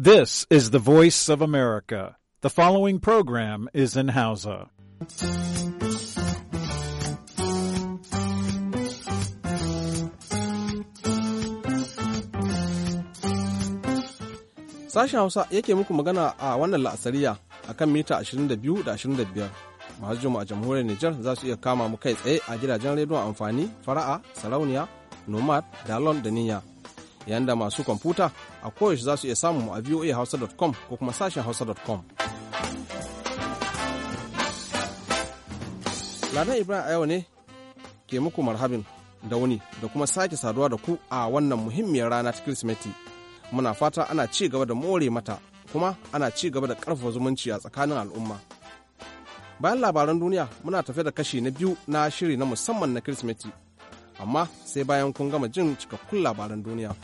This is the voice of America. The following program is in Hausa. Sashen Hausa yake muku magana a wannan la'asariya a kan mita 22 da 25. Masu jima a jamhuriyar Nijar za su iya kama mu kai tsaye a gidajen rediyon amfani, fara'a, sarauniya, nomad, dalon da niyya. yayin da masu kwamfuta a koyaushe za su iya samun mu a hausa.com ko kuma sashen hausa.com. Ladan Ibrahim a yau ne ke muku marhabin da wuni da kuma sake saduwa da ku a wannan muhimmiyar rana ta Kirsimeti. Muna fata ana ci gaba da more mata kuma ana ci gaba da karfafa zumunci a tsakanin al'umma. Bayan labaran duniya muna tafe da kashi na biyu na shiri na musamman na Kirsimeti amma sai bayan kun gama jin cikakkun labaran duniya.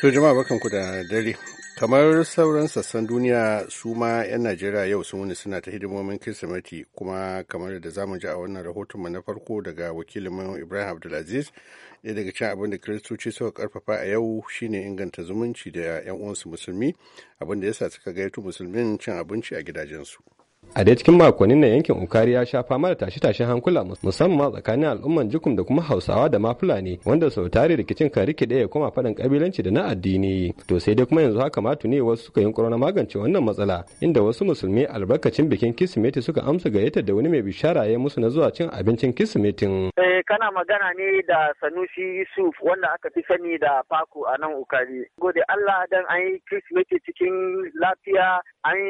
To jama'a ku da dare. Kamar sauran sassan duniya su ma 'yan Najeriya yau sun wuni suna ta hidimomin Kirsimeti kuma kamar da za mu ji a wannan rahoton mu na farko daga wakilin Ibrahim Abdulaziz ɗaya daga cin abin da Kiristoci suka karfafa a yau shine inganta zumunci da 'yan uwansu musulmi abin da yasa suka gaito musulmin cin abinci a gidajensu. a dai cikin makonnin na yankin ukari ya sha fama da tashe-tashen hankula musamman tsakanin al'umman jukum da kuma hausawa da ma fulani wanda sau tare rikicin kan rikide ya koma faɗin kabilanci da na addini to sai dai kuma yanzu haka ma tuni wasu suka yi na magance wannan matsala inda wasu musulmi albarkacin bikin kismeti suka amsa gayyata da wani mai bishara ya musu na zuwa cin abincin kismetin. Eh, kana magana ne da sanusi yusuf wanda aka fi sani da faku a nan ukari gode allah dan an yi Kirsimeti cikin lafiya an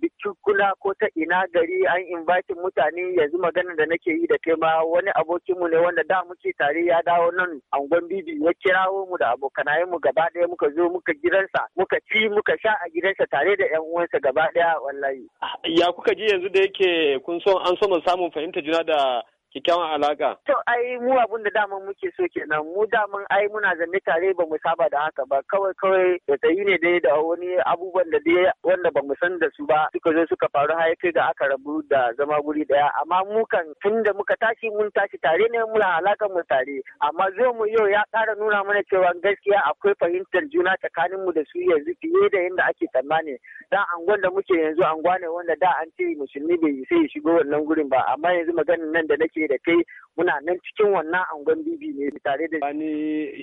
bikikuna ko ta ina gari an invite mutane yanzu magana da nake yi da kai ma wani abokinmu ne wanda da muke tare ya dawo nan angon bibi ya kirawo mu da abokanai mu gaba ɗaya muka zo muka gidansa muka ci muka sha a gidansa tare da yan uwansa gaba ɗaya wallahi ya kuka ji yanzu da yake kun son an so mu samun fahimta juna da kyakkyawan alaka. To ai mu abun da daman muke so kenan mu daman ai muna zanne tare ba mu saba da haka ba kawai kawai da tayi ne dai da wani abubuwan da dai wanda ba mu san da su ba suka zo suka faru har kai da aka rabu da zama guri daya amma mu kan tun muka tashi mun tashi tare ne muna alaka mu tare amma zo mu yau ya kara nuna mana cewa gaskiya akwai fahimtar juna tsakanin mu da su yanzu fiye da yadda ake tsammani dan angon da muke yanzu angwa ne wanda da an ce musulmi bai sai shigo wannan gurin ba amma yanzu maganin nan da nake ce da kai muna nan cikin wannan angon bibi ne tare da wani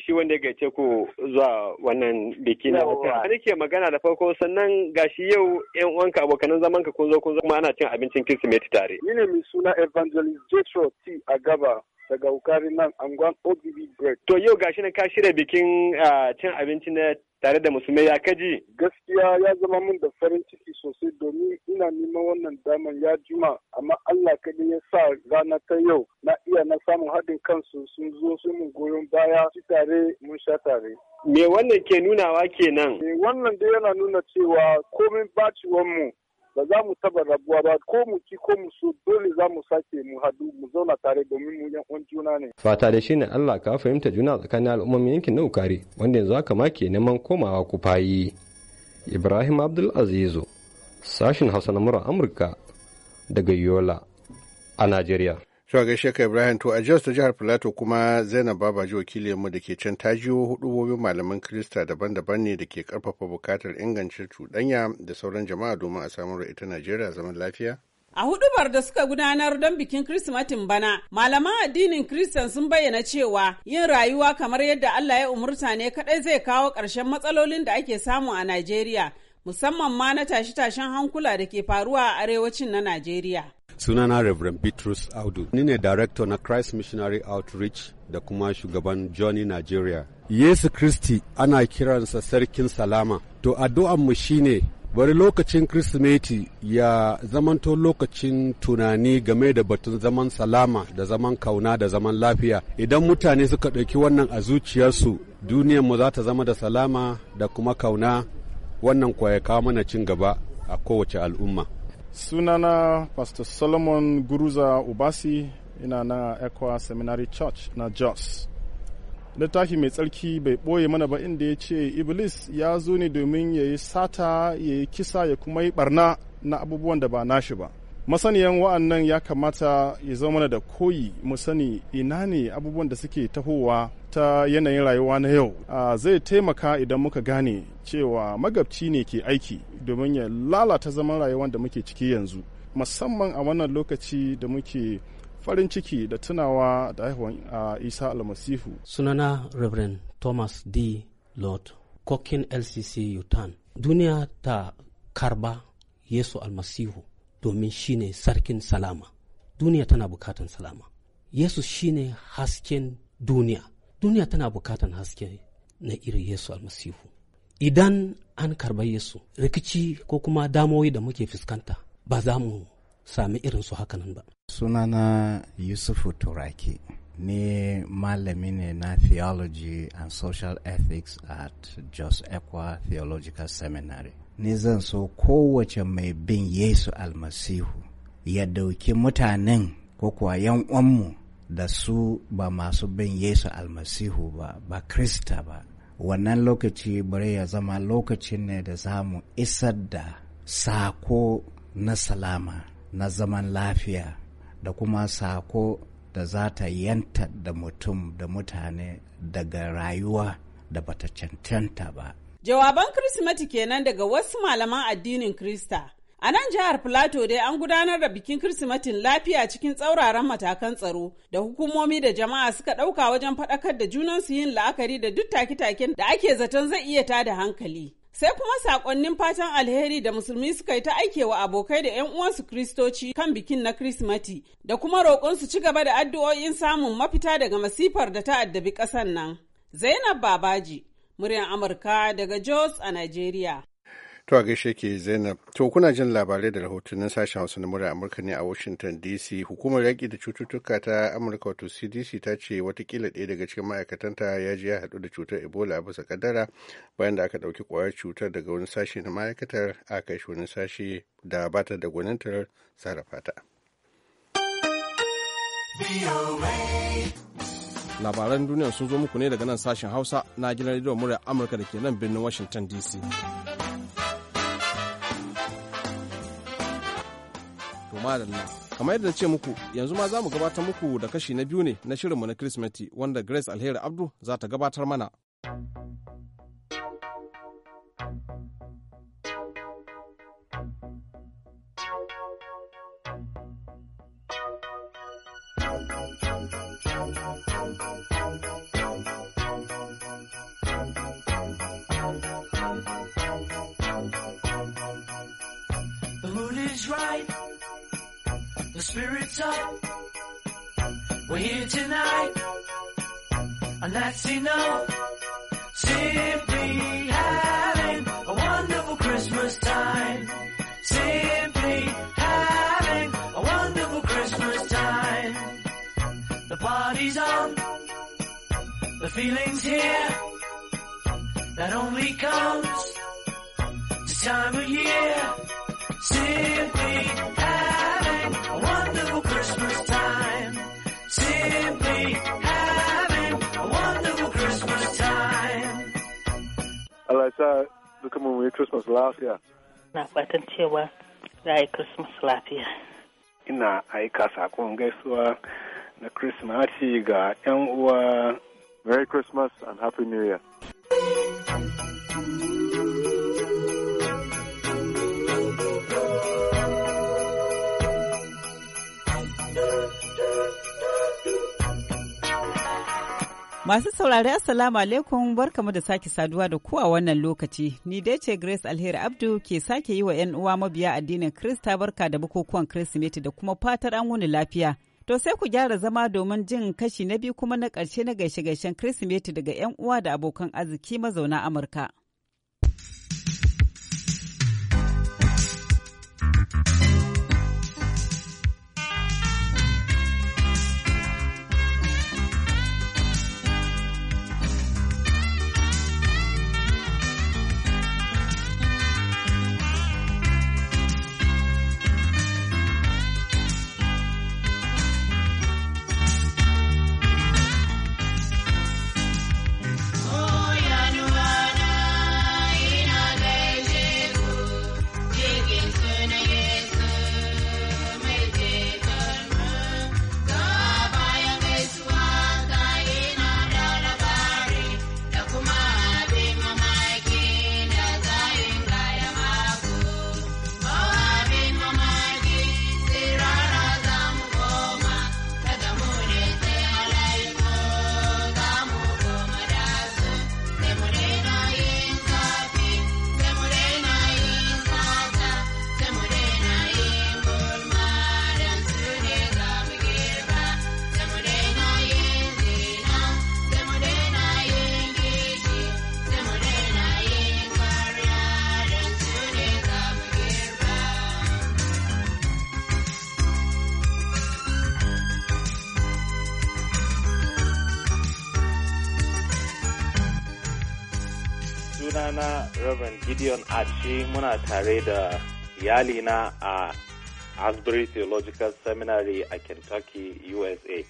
shi wanda ya gaice ku zuwa wannan biki na wata nake magana da farko sannan gashi yau yan uwanka abokanan zaman ka kun zo kun zo kuma ana cin abincin kirsimeti tare ni ne mai suna evangelist Joshua T Agaba daga ukari nan angon OBB bread to yau gashi na ka shirya bikin ah, cin abinci na tare da musulmai ya kaji. Gaskiya ya zama mun da farin ciki sosai domin ina neman wannan daman ya juma amma Allah kaɗai ya sa rana ta yau na iya na samun haɗin kansu sun zo sun mun goyon baya ci tare mun sha tare. Me wannan ke nunawa kenan? Me eh, wannan dai yana nuna cewa komin mu? ba za mu taba rabuwa ba ko mu ci ko mu so dole za mu sake mu hadu mu zauna tare domin mu yan uwan juna ne fata da shine Allah ka fahimta juna tsakanin al'ummomin yankin na Ukari wanda yanzu haka ma ke neman komawa ku fayi Ibrahim Abdul Azizu sashin Hausa na Amurka daga Yola a Najeriya to gaishe ka ibrahim to a jos ta jihar plateau kuma zainab babaji wakilin mu da ke can ta jiwo hudubobin malaman kirista daban-daban ne da ke karfafa bukatar ingancin cuɗanya da sauran jama'a domin a samar ita najeriya zaman lafiya A hudubar da suka gudanar don bikin Kirsimatin bana, malaman addinin Kiristan sun bayyana cewa yin rayuwa kamar yadda Allah ya umurta ne kadai zai kawo ƙarshen matsalolin da ake samu a Najeriya, musamman ma na tashe-tashen hankula da ke faruwa a arewacin na Najeriya. sunana Reverend Bitrus Audu. Ni ne director na Christ Missionary Outreach da kuma shugaban Johnny Nigeria. Yesu Kristi ana kiransa sarkin salama. To addu'anmu shine bari lokacin Kirsimeti ya zamanto lokacin tunani game da batun zaman salama da zaman kauna da zaman lafiya. Idan mutane suka ɗauki wannan a zuciyarsu, duniyarmu za ta zama da salama da kuma kauna wannan kwaya kawo mana cin gaba a kowace al'umma. sunana pastor solomon guruza ubasi ina na Ekwa seminary church na jos littafi mai tsarki bai ɓoye mana ba inda ya ce iblis ya zo ne domin ya yi sata ya yi kisa ya kuma yi barna na abubuwan da ba nashi ba masaniyan wa'annan ya kamata ya zama mana da koyi mu sani ina ne abubuwan da suke tahowa ta yanayin rayuwa na yau zai taimaka idan muka gane cewa magabci ne ke aiki domin ya lalata zaman rayuwar da muke ciki yanzu musamman a wannan lokaci da muke farin ciki da tunawa da haihuwan isa almasihu sunana reverend thomas d lord kokin lcc utan duniya ta karba yesu almasihu domin shine sarkin salama duniya tana bukatan salama yesu shine hasken duniya duniya tana bukatan haske na irin yesu almasihu idan an karba yesu rikici ko kuma damoyi da muke fuskanta ba za mu sami irin su hakanan ba sunana yusufu turaki ni malami ne na theology and social ethics at jos equa theological seminary ni zan so kowace mai bin yesu almasihu ya dauki mutanen ko kuwa yan uwanmu da su ba masu bin Yesu almasihu ba ba Krista ba wannan lokaci bare ya zama lokacin ne da za mu isar da sako na salama na zaman lafiya da kuma sako da za ta yanta da mutum da mutane daga rayuwa da bata cancanta ba. Jawaban Kirsimeti kenan daga wasu malaman addinin Krista. A nan jihar Filato dai an gudanar da bikin Kirsimetin lafiya cikin tsauraran matakan tsaro da hukumomi da jama'a suka ɗauka wajen faɗakar da junansu yin la'akari da duk take-taken da ake zaton zai iya ta da hankali. Sai kuma saƙonnin fatan alheri da musulmi suka yi ta aikewa abokai da 'yan uwansu kristoci kan bikin na Kirsimeti da kuma roƙon su ci gaba da addu'o'in samun mafita daga masifar da ta addabi ƙasar nan. Zainab Babaji, muryar Amurka daga Jos a Najeriya. To a gaishe ke Zainab. To kuna jin labarai da rahotannin sashen Hausa na murar Amurka ne a Washington DC. Hukumar yaƙi da cututtuka ta Amurka wato CDC ta ce watakila ɗaya daga cikin ma'aikatanta ya je ya haɗu da cutar Ebola a bisa kaddara bayan da aka ɗauki ƙwayar cutar daga wani sashe na ma'aikatar aka kai shi wani sashe da bata da gwanintar sarrafa ta. Labaran duniya sun zo muku ne daga nan sashen Hausa na gidan rediyon murar Amurka da ke nan birnin Washington DC. To madalla. Kamar yadda ce muku, yanzu ma za mu gabatar muku da kashi na biyu ne na shirinmu na Kirsimeti wanda Grace Alheri Abdu za ta gabatar mana. right? The spirit's up. We're here tonight. And that's enough. Simply having a wonderful Christmas time. Simply having a wonderful Christmas time. The party's on. The feeling's here. That only comes this time of year. Simply sa duka mu yi Christmas lafiya. Na fatan cewa za a yi Christmas lafiya. Ina aika sakon gaisuwa na Christmas ga 'yan uwa. Merry Christmas and Happy New Year. Masu saurari Assalamu alaikum barkamu da sake saduwa da ku a wannan lokaci. Ni dai ce Grace Alheri Abdu ke sake yi wa 'yan uwa mabiya addinin Krista barka da bukukuwan Kirsimeti da kuma fatar an wuni lafiya. To sai ku gyara zama domin jin kashi na biyu kuma na ƙarshe na gaishe-gaishen Kirsimeti daga 'yan uwa da abokan arziki mazauna Amurka. Reverend Gideon Achi muna tare da iyalina a Asbury Theological Seminary a Kentucky, USA.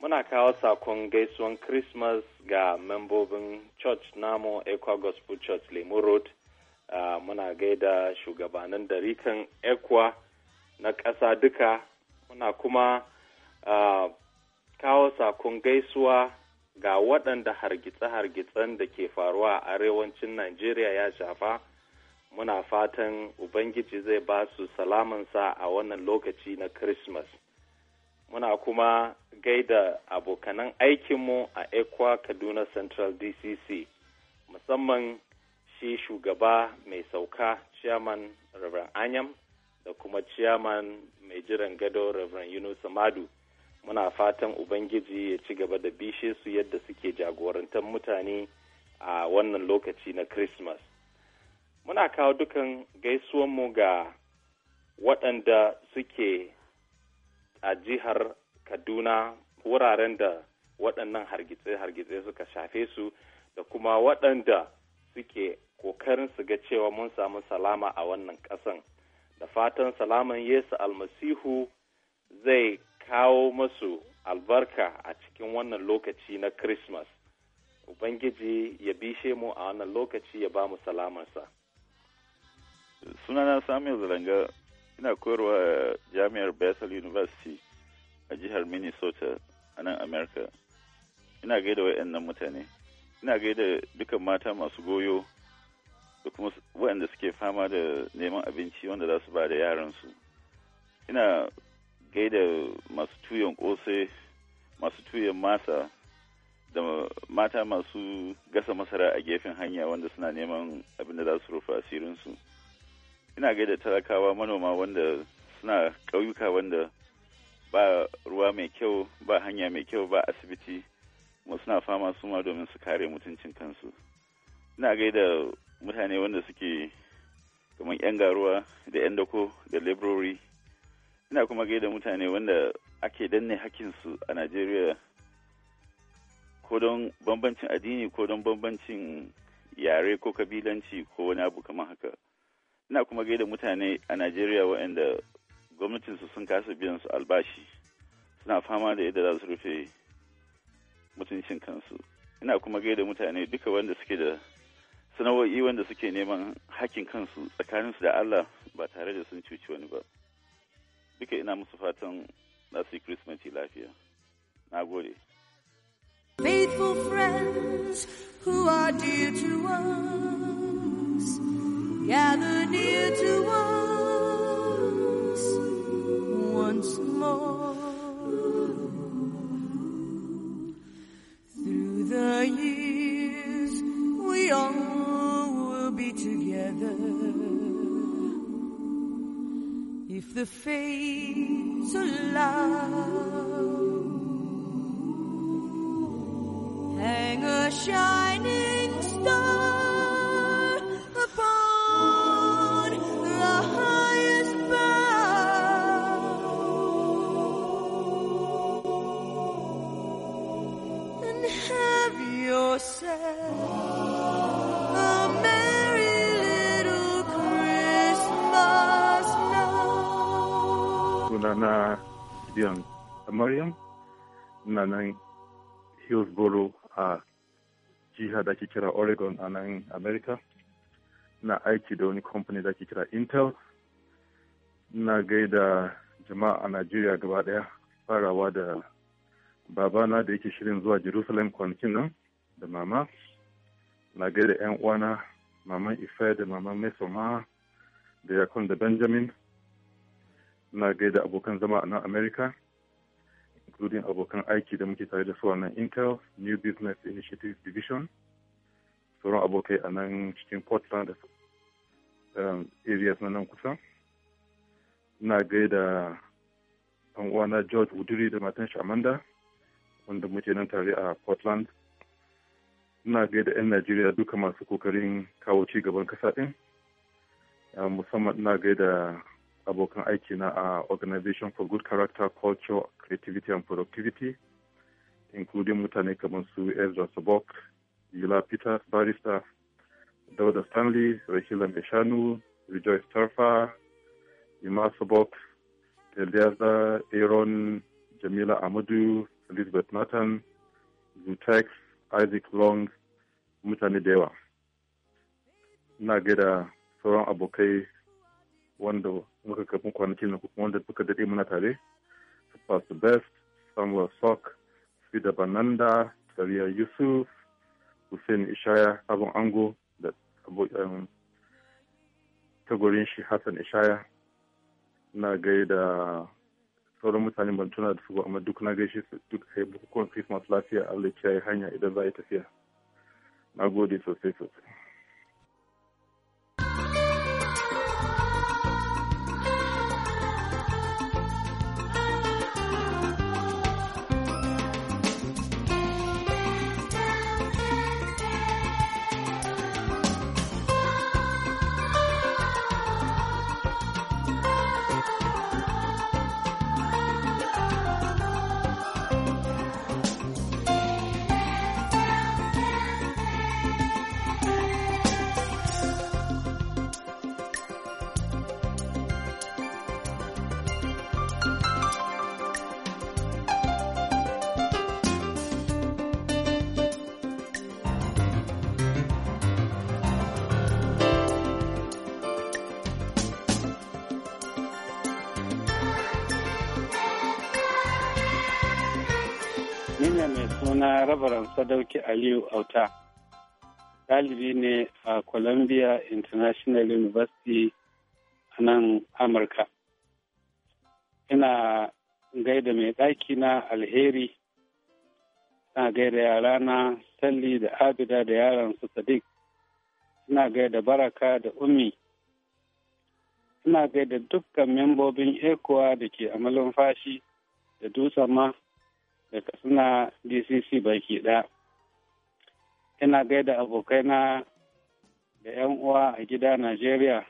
Muna kawo sakon gaisuwan Christmas ga membobin Church Namo Equa Gospel Church Lemu Road. muna gaida shugabannin darikan Equa na ƙasa duka. Muna kuma kawo sakon gaisuwa ga waɗanda hargitse-hargitsen da ke faruwa a arewacin Najeriya ya shafa muna fatan Ubangiji zai ba su salamansa a wannan lokaci na Christmas. Muna kuma gaida abokanan aikinmu a Ekwa Kaduna Central DCC, musamman shi shugaba mai sauka Chairman Reverend Anyam da kuma Chairman mai jiran gado Reverend Yunus Madu. muna fatan ubangiji ya ci gaba da bishe su yadda suke jagorantar mutane a wannan lokaci na christmas muna kawo dukan gaisuwanmu ga waɗanda suke a jihar kaduna wuraren da waɗannan hargitse-hargitse suka shafe su da kuma waɗanda suke ƙoƙarin su ga cewa mun samu salama a wannan ƙasan da fatan salaman yesu almasihu zai kawo masu albarka a cikin wannan lokaci na Christmas. Ubangiji ya bishe mu a wannan lokaci ya ba mu salamarsa. Sunana Samuel Zalanga ina koyarwa a Jami'ar Bethel University a jihar Minnesota a nan America. Ina gaida wa'annan mutane. Ina gaida dukan mata masu goyo da kuma waɗanda suke fama da neman abinci wanda za su ba da yaransu. Ina gaida masu tuyon kose masu tuyon masa da mata masu gasa masara a gefen hanya wanda suna neman abin da za su rufe asirinsu ina gaida talakawa manoma wanda suna ƙauyuka wanda ba ruwa mai kyau ba hanya mai kyau ba asibiti kuma suna fama su ma domin su kare mutuncin kansu ina gaida mutane wanda suke kamar 'yan garuwa da 'yan dako da laborori ina kuma gaida mutane wanda ake danne hakinsu a najeriya ko don bambancin addini ko don bambancin yare ko kabilanci ko wani abu kamar haka ina kuma gaida mutane a najeriya waɗanda gwamnatinsu sun kasa biyan su albashi suna fama da yadda za su rufe mutuncin kansu ina kuma gaida mutane duka wanda suke da sana'o'i wanda suke neman hakkin kansu tsakaninsu da allah ba tare da sun cuci wani ba duka ina musu fatan za su yi lafiya. Na gode. Faithful friends who are dear to us, gather near to us once more. Through the years, we all will be together. If the fates allow, hang a shining. na Gideon Mariam na nan Hillsboro a jiha da ke kira Oregon a nan Amerika, Na aiki da wani kamfani da ke kira Intel. Na gaida jama'a a Najeriya gaba ɗaya farawa da babana da yake shirin zuwa Jerusalem kwanakin nan da mama. Na gaida 'yan uwana maman Ife da maman Mesoma da Yakon da Benjamin. na gaida abokan zama a nan america including abokan aiki da muke tare da su a nan intel new business initiative division sauran abokai a nan cikin portland da um, areas na nan kusa na gaida an uwana george uduri da matan shamanda wanda muke nan tare a portland na gaida 'yan najeriya duka masu kokarin kawo ci gaban kasa ɗin. musamman na gaida abokan aiki na Organization for Good Character, Culture, Creativity and Productivity, including mutane kamar su Ezra Sabok, Yula Peter, Barista, Dauda Stanley, Rahila Meshanu, Rejoice Tarfa, Ima Sabok, Eliezer Aaron, Jamila Amadu, Elizabeth Nathan, Zutex, Isaac Long, mutane da Na Ina gaida sauran abokai wanda muka kafin kwanakin na kuma wanda suka daɗe muna tare su Best, Samuel Sok, Fida Bananda, Sariya Yusuf, Hussein Ishaya, Sabon Ango da tagorin shi Hassan Ishaya. Na gaida sauran mutane ban tuna da su amma duk na gaishe su duk sai bukukuwan Christmas lafiya Allah ya hanya idan za a yi tafiya. Na gode sosai sosai. Suna rabaran sadauki Aliyu Auta. Ɗalibi ne a Columbia International University a nan Amurka. Ina gaida mai ɗaki na alheri, ina gaida yara na Salli da Abida da su Sadiq, ina gaida Baraka da Umi. ina gaida dukkan membobin ekowa da ke a malumfashi da dutsen ma da suna dcc baki ɗaya ina gaida abokaina da 'yan uwa a gida najeriya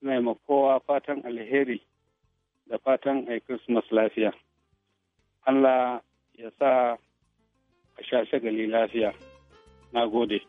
suna ma kowa fatan alheri da fatan a christmas lafiya allah ya sa a sha shagali lafiya na gode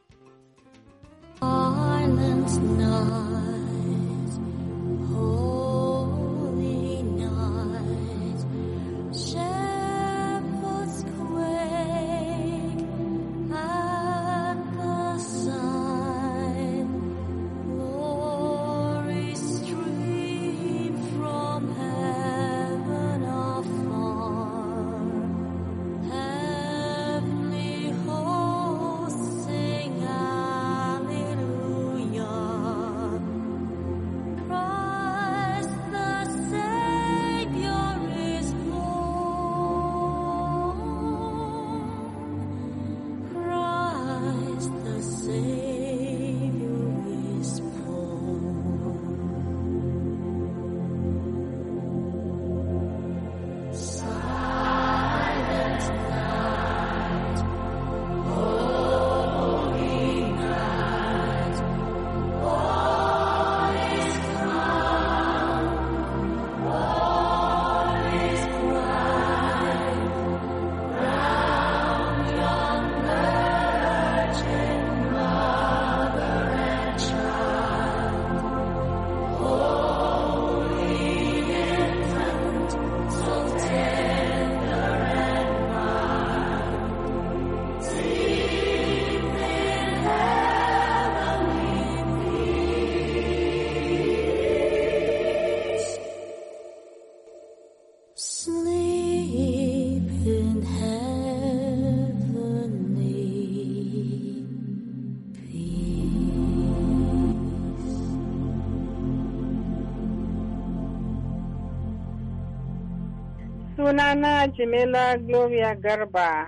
Sunana Jimila Gloria Garba,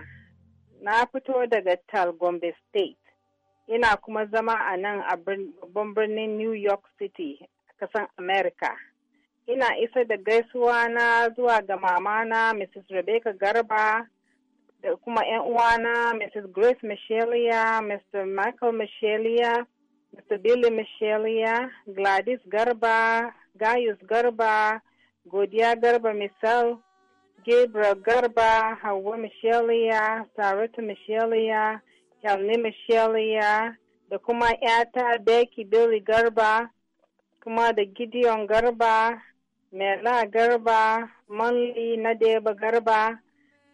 na fito daga Tal Gombe State, ina kuma zama a nan a babban birnin New York City, kasan America. Ina isa da gaisuwa na zuwa ga mamana Mrs. Rebecca Garba da kuma 'yan uwana Mrs. Grace Michelia, Mr. Michael Michelia, Mr. Billy Michelia, Gladys Garba, Gaius Garba, Godiya Garba Misal, Gabriel Garba, Hauwa Michelia, Saratu Michelia, Yalni Michelia, da kuma ‘yata Becky Billy Garba, kuma da Gideon Garba, Mela Garba, Manli Nadeba Garba,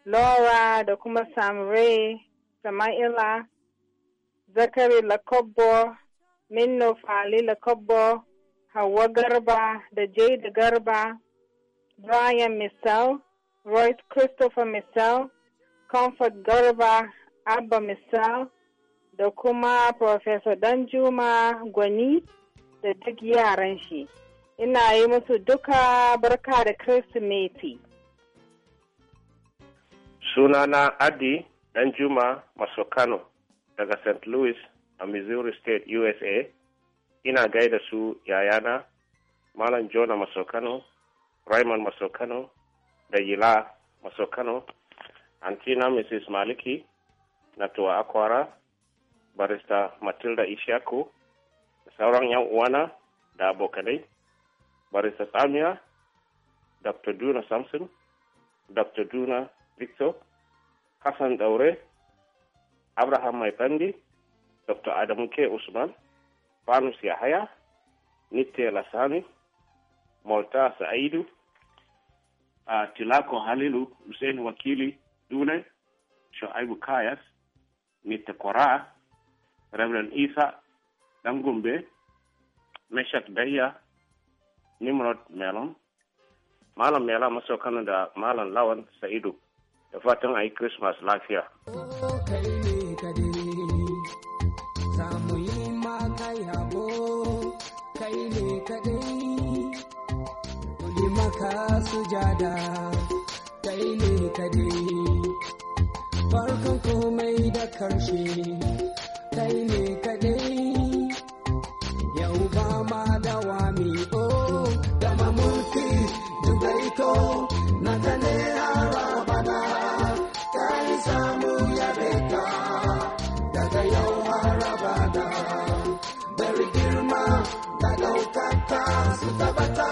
Laura da kuma Sam Ray, Sama'ila, Zakari Lakobbo, Minno Fali Lakobbo, Hauwa Garba da Jade Garba, Brian Missel, Royce Christopher Misal, Comfort Garba Abba Misal, da kuma Professor Danjuma Gwani da duk yaran shi. Ina yi musu duka barka da Kirsimeti. Sunana Adi Danjuma Masokano daga St. Louis a Missouri State, USA. Ina gaida su yayana Malam Jona Masokano, Raymond Masokano, da yila maso kano antina mrs maliki tuwa akwara barista matilda ishaku da sauran yan uwana da abokanai barista tsamiya dr duna samson dr duna victor hassan daure abraham mai bandi dr adamu Ke usman fanus yahaya nite lasani molta sa'idu uh, Tilako Halilu, Hussein Wakili Dule, Shoaibu Kayas, Mita Kora, Reverend Isa Dangumbe, Meshat Bayya, Nimrod Melon, Malam Mela maso da Malam Lawan Sa'idu da fatan a yi Christmas lafiya. kai ne kaɗai maka sujada kai ne kadai farkon komai da karshe kai ne kadai yau ba ma dawami o gama mulki dubaito na ta ne harabana kai samu ya beka daga yau harabana bari girma da ɗaukaka su tabbata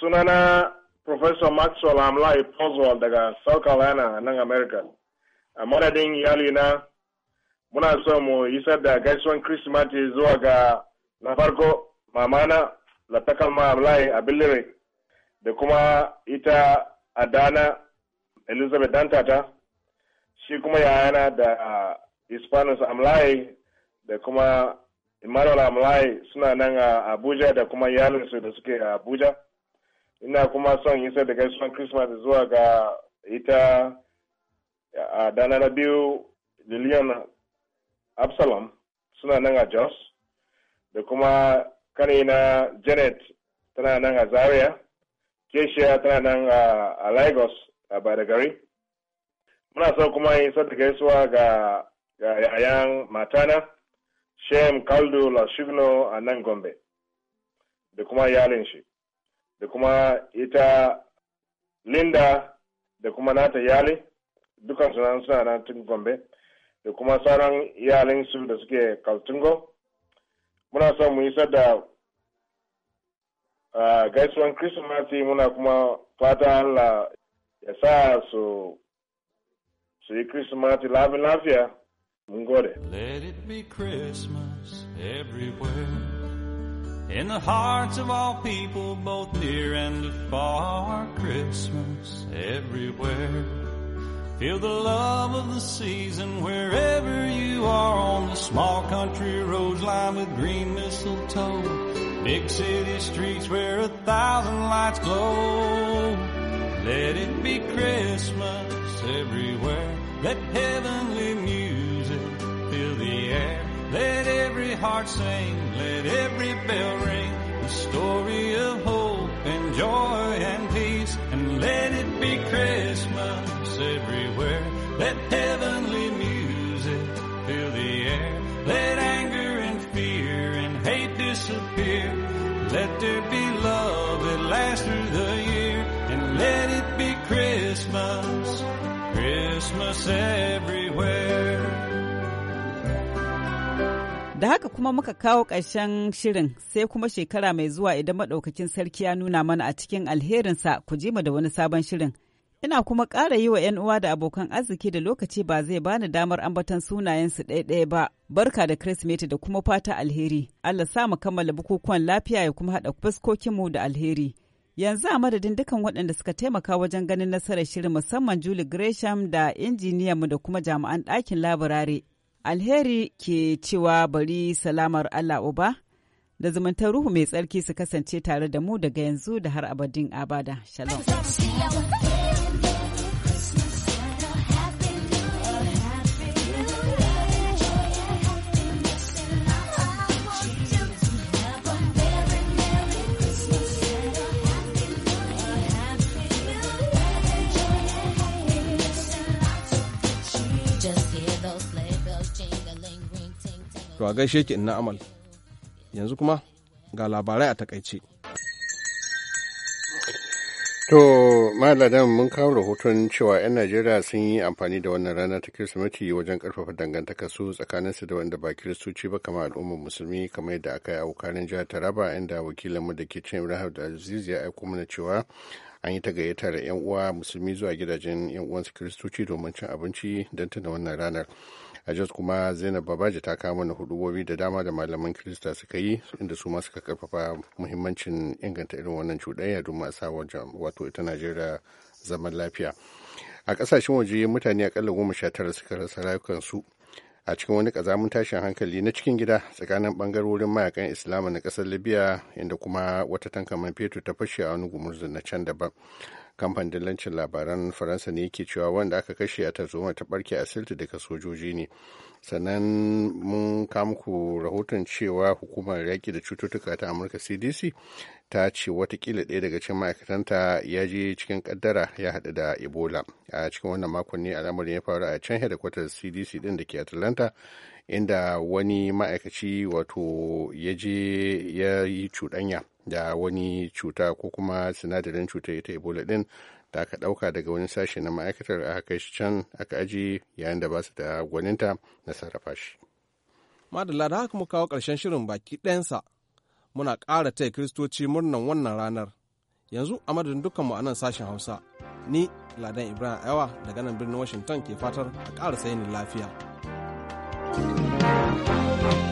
Sunana Professor Maxwell Amlai Oswald daga South Carolina nan America. A madadin iyalina muna so mu isar da gaisuwan Kirsimati zuwa ga na farko mamana Latakalma Amlai a Bilire. da kuma ita adana elizabeth dantata shi kuma yayana da hispanus amlaye da kuma emmanuel amlaye suna nan a abuja da kuma yalinsu da suke a abuja ina kuma son isa da gaisuwan christmas zuwa ga ita adana na biyu lilian absalom suna nan a jos da kuma kanina janet tana nan a zaria jeshiya tana nan a lagos a badagari muna so kuma yi da gaisuwa ga yayan matana shem Kaldu lashigno a nan gombe da kuma yalin shi da kuma ita linda da kuma nata yali dukan suna suna nan tun gombe da kuma sauran su da suke kaltungo muna so mu yi da kuma ah, Let it be Christmas everywhere. In the hearts of all people, both near and afar, Christmas everywhere. Feel the love of the season wherever you are on the small country roads lined with green mistletoe. Big city streets where a thousand lights glow. Let it be Christmas everywhere. Let heavenly music fill the air. Let every heart sing. Let every bell ring. The story of hope and joy and peace. And let it be Christmas everywhere. Let heavenly music fill the air. Let Da haka kuma muka kawo ƙarshen shirin sai kuma shekara mai zuwa idan maɗaukacin sarki ya nuna mana a cikin alherinsa ku ji mu da wani sabon shirin. Ina kuma ƙara yi wa 'yan uwa da abokan arziki da lokaci ba zai bani damar ambaton sunayensu ɗaya-ɗaya ba. Barka da Kirsimeti da kuma fata alheri. Allah sa mu kammala bukukuwan lafiya ya kuma haɗa fuskokinmu da alheri. Yanzu a madadin dukan waɗanda suka taimaka wajen ganin nasarar shirin musamman Julie Gresham da injiniyanmu da kuma jami'an ɗakin laburare. Alheri ke cewa bari salamar Allah Uba da zumuntar ruhu mai tsarki su kasance tare da mu daga yanzu da har abadin abada. Shalom. To a gaishe ki na amal. Yanzu kuma ga labarai a takaice. To, Maladan mun kawo rahoton cewa 'yan Najeriya sun yi amfani da wannan rana ta Kirsimeti wajen karfafa dangantaka su tsakaninsu da wanda ba Kiristoci ba kamar al'ummar musulmi kamar yadda aka yi a wukarin jihar Taraba inda mu da ke cin Ibrahim da Aziz ya aiko mana cewa an yi ta gayyatar 'yan uwa musulmi zuwa gidajen 'yan uwansu Kiristoci domin cin abinci don tuna wannan ranar. a jos kuma zainab babaji ta kawo mana hudubobi da dama da malaman kirista suka yi inda su ma suka karfafa muhimmancin inganta irin wannan cuɗanya domin a sa wato ita najeriya zaman lafiya a ƙasashen waje mutane akalla goma sha tara suka rasa rayukansu a cikin wani kazamin tashin hankali na cikin gida tsakanin ɓangarorin mayakan islamu na ƙasar libya inda kuma wata tankaman fetur ta fashe a wani gumurzu na can daban kamfan dillancin labaran faransa ne yake cewa wanda aka kashe a tarzoma ta barke a daga sojoji ne sannan mun kamku rahoton cewa hukumar yaƙi da cututtuka ta amurka cdc ta ce watakila ɗaya daga cikin ma'aikatanta ya je cikin kaddara ya haɗu da ebola a cikin wannan makon ne al'amarin ya faru a can kwatar cdc ɗin da ke atlanta inda wani ma'aikaci wato ya je ya yi cuɗanya da wani cuta ko kuma sinadarin cutar ita ebola ɗin da aka ɗauka daga wani sashe na ma'aikatar aka kai shi can aka aji yayin da ba su da gwaninta na sarrafa shi. Madalla da haka mu kawo ƙarshen shirin baki ɗayansa muna ƙara taya kiristoci murnan wannan ranar. Yanzu a madadin dukkanmu a nan sashen Hausa, ni Ladan Ibrahim Ayawa daga nan birnin Washington ke fatar a ƙara sayin lafiya. Thank you.